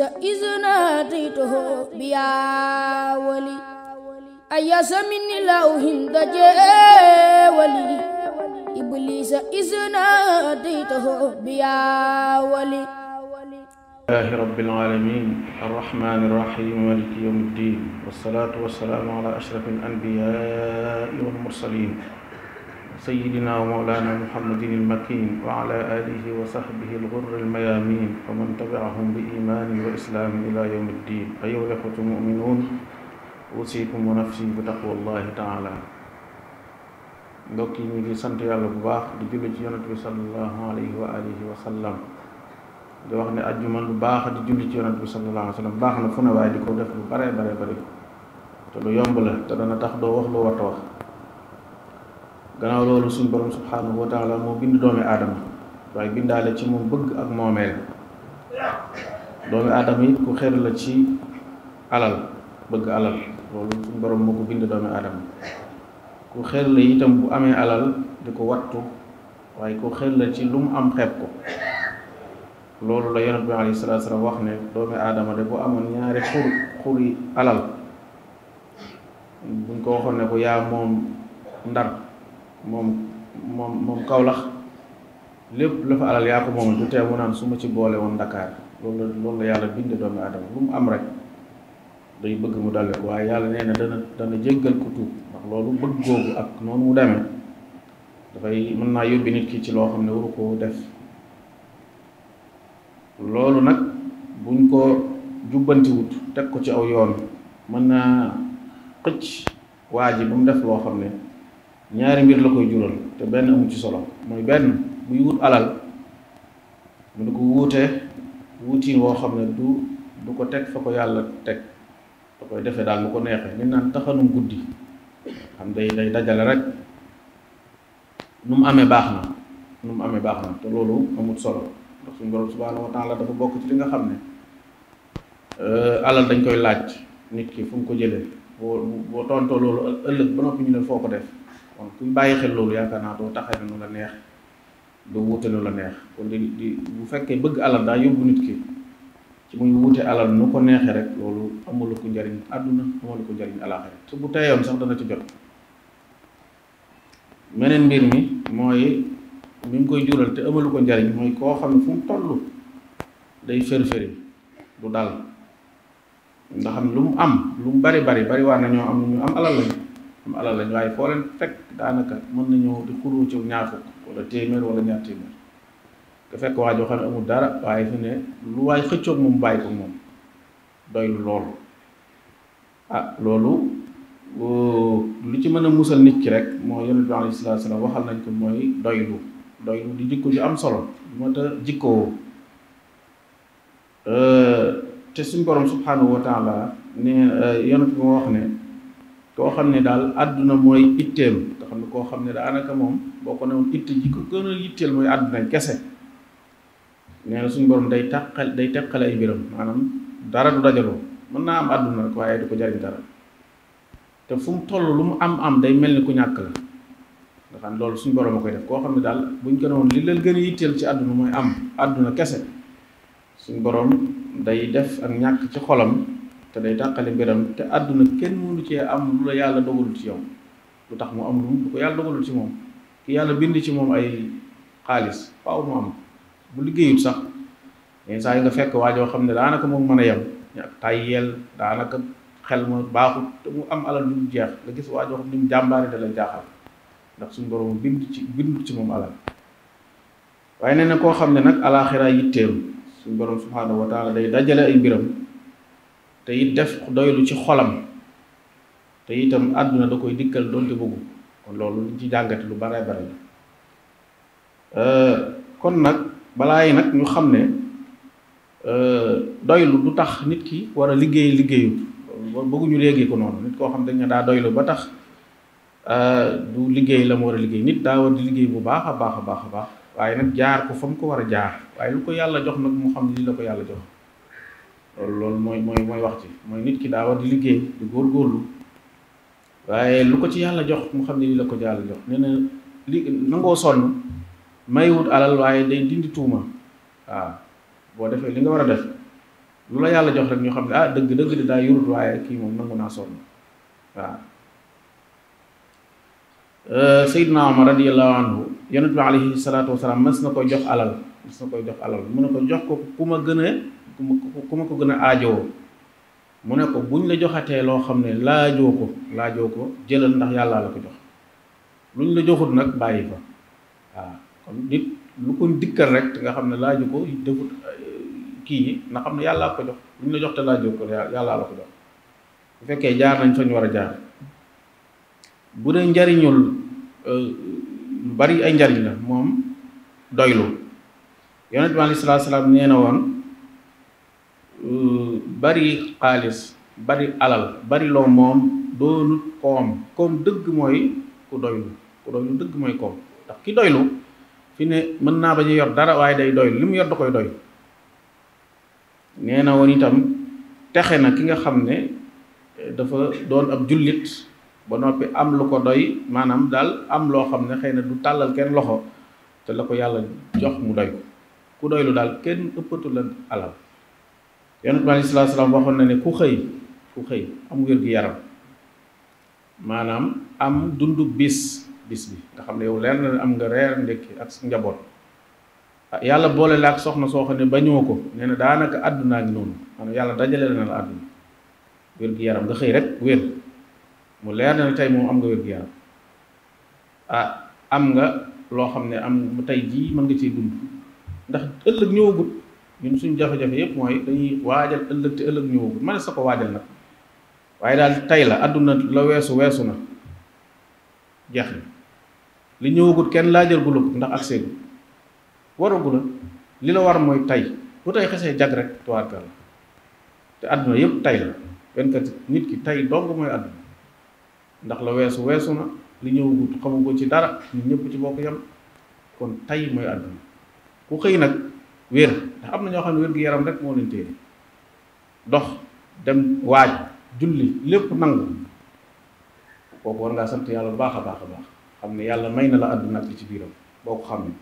إذ ناديته بيا ولي أيا سمني لو هند ولي إبليس إذ ناديته بيا ولي الله رب العالمين الرحمن الرحيم مالك يوم الدين والصلاة والسلام على أشرف الأنبياء والمرسلين sayyidina wa mawlana muhammadin al-makin wa ala alihi wa sahbihi al-ghurri al-mayamin wa man tabi'ahum bi imanin wa islamin ila yawmi ddin ayyuha al-ikhwatu al-mu'minun usikum wa nafsi bi taqwallahi ta'ala mbokk yi ñu ngi sant yàlla bu baax di julli ci yonent bi sallallahu alayhi wa alihi wa sallam wax ne ajjuma lu baax di julli ci yonent bi sallallahu alayhi wa sallam baax na fu ne waaye di ko def lu bare bare bare te lu yomb la te dana tax doo wax lu war wax gannaaw loolu suñu borom subhanahu wa moo bind doomi aadama waaye bindaale ci moom bëgg ak moomeel doomi aadama it ku xër la ci alal bëgg alal loolu suñu borom moo ko bind doomi aadama ku xër la itam bu amee alal di ko wattu waaye ku xër la ci lu mu am xeeb ko loolu la yonent bi ne doomi aadama bu amoon ñaari xur xuri alal buñ ko waxoon ko yaa moom ndar moom moom moom kawlax lépp la fa alal yaa ko moomal du tee naan su ma ci boole woon ndakaar loolu la loolu la yàlla bind doon aadama lu mu am rek day bëgg mu dale ko waaye yàlla nee na dana dana jéggal ku tuub ndax loolu bëgg googu ak noonu mu demee dafay mën naa yóbbi nit ki ci loo xam ne waru ko def loolu nag buñ ko jubbantiwut teg ko ci aw yoon mën naa xëcc waa ji ba mu def loo xam ne ñaari mbir la koy jural te benn amu ci solo mooy benn buy wut alal mu du ko wuute wuutiin woo xam ne du du ko teg fa ko yàlla teg da koy defee daal lu ko neexee li naan taxanum guddi day day dajale rek nu mu amee baax na nu mu amee baax na te loolu amut solo ndax suñu borom subhaanahu wa taala dafa bokk ci li nga xam ne euh, alal dañ koy laaj nit ki fu mu ko jëlee boo boo tontoo loolu ëllëg ba noppi ñu ne foo ko def kon kuy bàyyi xel loolu yaakaar naa doo taxawee nu la neex doo wuute lu la neex kon di di bu fekkee bëgg alal daa yóbbu nit ki ci muy wuute alal nu ko neexee rek loolu amalu ko njariñ àdduna amalu ko njariñ alaaxira te bu teyoon sax dana ci jot meneen mbir mi mooy mi koy jural te amalu njariñ mooy koo xam ne fu mu toll day fër-fëri du dal ndax xam lu mu am lu mu bari bari bari na ñoo am ñu am alal lañu am alal lañ waaye foo leen fekk daanaka mën nañoo di xuloo ci ñaar fukk wala téeméer wala ñaar téeméer te fekk waa xam ne amul dara waaye fi ne lu waay xëccoog moom bàyyi ko moom doy loolu ah loolu lu ci mën a musal nit ki rek moo yonent bi alayhi salaatu salaam waxal nañ ko mooy doylu doylu di jikko ju am solo moo tax jikkoo te suñ borom subhanahu wa taala ne yonent bi moo wax ne koo xam ne daal àdduna mooy itteem nga xam ne koo xam ne daanaka moom boo ko newoon itte ji ko gën a itteel mooy àdduna kese nee na suñu borom day taqal day teqale ay biram maanaam dara du dajaloo mën naa am àdduna rek waaye du ko jariñ dara te fu mu toll lu mu am am day mel ni ku ñàkk la nga xam loolu suñ borom a koy def koo xam ne daal buñ ko newoon li leen gën a itteel ci àdduna mooy am àdduna kese suñu borom day def ak ñàkk ci xolam. te day tàqale mbiram te àdduna kenn mënu cee am lu la yàlla dogalul ci yow lu tax mu am lu mu ko yàlla dogalul ci moom ki yàlla bind ci moom ay xaalis faaw mu am bu liggéeyut yi nga fekk waa joo xam ne daanaka moom mën a yem ak tàyyeel xel ma baaxut te mu am alal lu mu jeex la gis waa joo xam ne mu jàmbaare da jaaxal ndax suñ borom bind ci bind ci moom alal waaye nee na koo xam ne nag alaaxira yitteelu suñu borom subhaanahu wa day dajale ay mbiram. te it def doylu ci xolam te itam àdduna da koy dikkal donte bëggu kon loolu ci jàngate lu bare bare la euh, kon nag balaa yi nag ñu xam ne euh, doylu du tax nit ki war a liggéey liggéeyu bëgguñu léegi ko noonu nit koo xam dañ ne daa doylu ba tax euh, du liggéey la mu war a liggéey nit daa war di liggéey bu baax a baax a baax a baax waaye nag jaar ko fa mu ko war a jaar waaye lu ko yàlla jox nag mu xam lii la ko yàlla jox loolu loolu mooy mooy mooy wax ci mooy nit ki daa war di liggéey di góorgóorlu waaye lu ko ci yàlla jox mu xam ne li la ko yàlla jox nee na li nangoo sonn maywut alal waaye day dindi tuuma boo defee li nga war a def lu la yàlla jox rek ñu xam ne ah dëgg dëgg di daa yurut waaye kii moom nangu naa sonn waaw euh, Seydina Omar radiyallahu anhu yonent bi alayhi salaatu wasalaam mas na koy jox alal mas na koy jox alal mu ne ko jox ko ku ma gën a ku ma ku ma ko gën a aajowoo mu ne ko buñ la joxatee loo xam ne laajoo ko laajoo ko jëlal ndax yàllaa la ko jox luñ la joxut nag bàyyi ko waaw kon nit lu ko dikkal rek nga xam ne laaju ko defut eh, kii yi na xam ne yàllaa ko jox luñ la jox te laajoo ko yàllaa ko jox bu fekkee jaar nañ fañ war a jaar bu dee njariñul eh, lu bari ay njariñ la moom doylu yonent bi aleyhi salaatu salaam nee na woon bari xaalis bari alal bariloo moom doonut koom koom dëgg mooy ku doylu ku mooy koom ndax ki doylu fi ne mën naa bañ yor dara waaye day doylu li yor da koy doy nee na woon texe na ki nga xam ne eh, dafa doon ab jullit ba noppi am lu ko doy maanaam daal am loo xam ne xëy na du tàllal kenn loxo te la ko yàlla jox mu doy ku doylu daal kenn ëppatu la alal yonent bi aleyhi salaatu salaam waxoon na ne ku xëy ku xëy am wér-gu-yaram maanaam am dund bis bis bi nga xam ne yow leer na am nga reer ndekki ak sa njaboot yàlla boole la ak soxna soo xam ne bañoo ko nee na daanaka àddunaa ngi noonu maanaam yàlla dajale na la àdduna wér-gu-yaram nga xëy rek wér mu leer na tey moom am nga wér-gu-yaram ah am nga loo xam ne am tey jii mën nga cee dund ndax ëllëg ñëwagut ñun suñu jafe-jafe yëpp mooy dañuy waajal ëllëg te ëllëg ñëwagul ma sa ko waajal nag waaye daal tey la àdduna la weesu weesu na jeex li ñëwagul kenn laajal gulub ndax ak seegu waragu li la war mooy tey bu tey xesee jag rek tuwaarkal la te àdduna yëpp tey la benkat nit ki tey dong mooy àdduna ndax la weesu weesu na li ñëwagul xamu ko ci dara ñun ñëpp ci bokk yam kon tey mooy àdduna ku xëy nag wér ndax am na ñoo xam ne wér gi yaram rek moo leen téye dox dem waaj julli lépp nangu kooku war ngaa sant yàlla bu baax a baax a baax xam ne yàlla may na la àdduna ak li ci biiram boo ko xam ne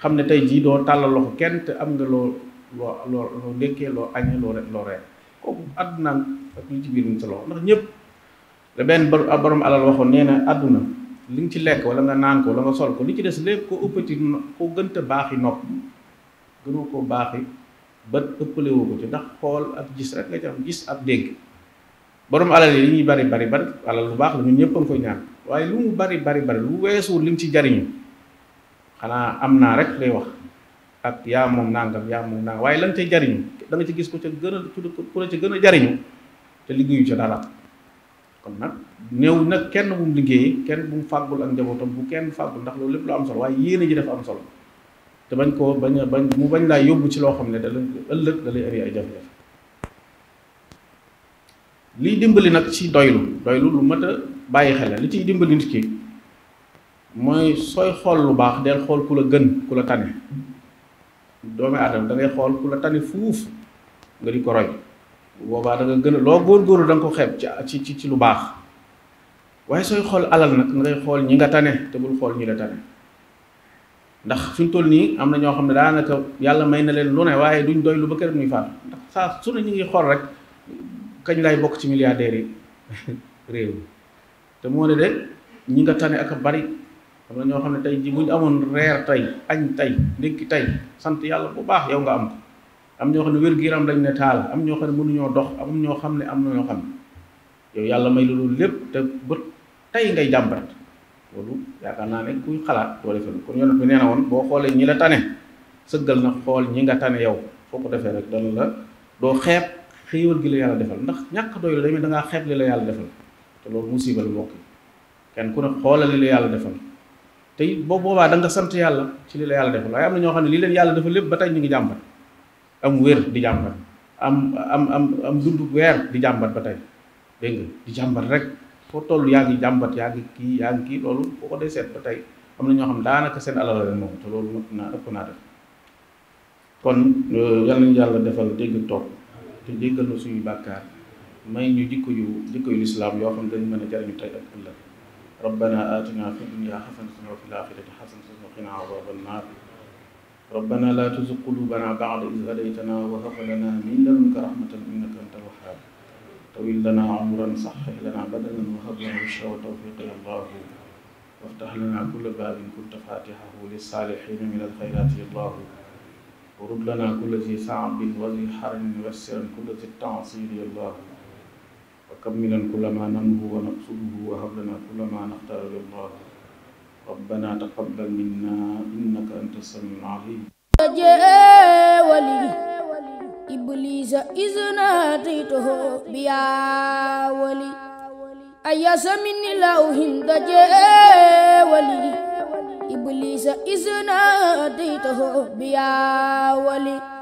xam ne tey jii doo tàllal loxo kenn am nga loo loo loo loo ndékkee loo añee àdduna ak li ci biir mu sa loxo ndax ñëpp la benn borom alal waxoon nee na àdduna li nga ci lekk wala nga naan ko wala nga sol ko li ci des lépp ko ëppati ko gënta baaxi nopp gënu ko baaxi ba ëppale ko ci ndax xool ak gis rek nga ci am gis ab dégg borom alal li ñuy bari bari bari alal bu baax la ñu ñëpp a ngi koy ñaan waaye lu mu bari bari bari lu li lim ci jariñu xanaa am naa rek lay wax ak yaa moom nangam yaa moom nangam waaye lañ cay jariñu da nga ci gis ko ca gën a la ca gën a jariñu te liggéeyu ca dara kon nag néew nag kenn bu mu liggéeyee kenn bu mu fàggul ak njabootam bu kenn fàggul ndax loolu lépp lu am solo waaye yéene ji am solo te bañ koo bañ a bañ mu bañ laa yóbbu ci loo xam ne da ëllëg da lay indi ay jafe-jafe liy dimbali nag ci doylu doylu lu mat a bàyyi xel li ciy dimbali nit ki mooy sooy xool lu baax del xool ku la gën ku la tane doomu aadama dangay xool ku la tane fuuf nga di ko roy boobaa da gën a loo góor-góorlu da nga ko xeeb ci ci ci lu baax waaye sooy xool alal nag da ngay xool ñi nga tane te bul xool ñi la tane ndax fi ñu nii am na ñoo xam ne daanaka yàlla may na leen lu ne waaye duñ doy lu ba kër ñuy faatu ndax saa su ne ñu ngi xool rek kañ lay bokk ci milliardaires yi réew mi te moo ne de ñi nga tane ak a bari am na ñoo xam ne tey ji buñ amoon reer tey añ tey ndékki tey sant yàlla bu baax yow nga am ko am ñoo xam ne wér-gu-yaram lañ ne taal am ñoo xam ne mënuñoo dox am ñoo xam ne am na ñoo xam ne yow yàlla may la loolu lépp te ba tey ngay jàmbat loolu yaakaar naa ne kuy xalaat doo defee kon yonent bi nee na woon boo xoolee ñi la tane sëggal na xool ñi nga tane yow foo ko defee rek dana la doo xeeb xéewal gi la yàlla defal ndax ñàkk doy la tamit da ngaa xeeb la yàlla defal te loolu musiba la mbokk kenn ku ne xoolal li la yàlla defal te it boo boobaa da nga sant yàlla ci li la yàlla defal waaye am na ñoo xam ne lii leen yàlla dafa lépp ba tey ñu ngi jàmbat am wér di jàmbat am am am am dund weer di jàmbat ba tey dégg nga di jàmbat rek foo toll yaa ngi jàmbat yaa ngi kii yaa ngi kii loolu boo ko dee seet ba tey am na ñoo xam daanaka seen alal la moom te loolu ëpp naa ëpp naa def kon euh, yal nañu yàlla toog te jéggal suñuy bàkkaar may ñu jikko yu jikko yu lislaam yoo xam ne dañu mën a jariñu tey ak ëllëg rabbana atina fi dunya ba wa fil axirati xasanatan wa qina azaban naar rabbana la tuzig qulubana ba'da iz hadaytana wa hab lana min ladunka rahmatan innaka antal wahhab tawil lanaa umran saxxih lanaa badanan wa hab lanaa bushraa wa tawfiiqa yallaahu waftax lanaa kulla baabin kunta faatixahu lissaalixiina min alxayraati yallaahu warud lanaa kulla zi saabin wa zi xaramin wassiran kulla zi taasiiri yallaahu wa kammilan kulla maa nanhu wa naqsuduhu wa hab lanaa kulla maa naxtaaru yallaahu rabbanaa taqabbal minnaa innaka anta samiul aliim إبليس إذ ناديته بيا ولي أياس من إله دجا ولي إبليس إذ ناديته بيا ولي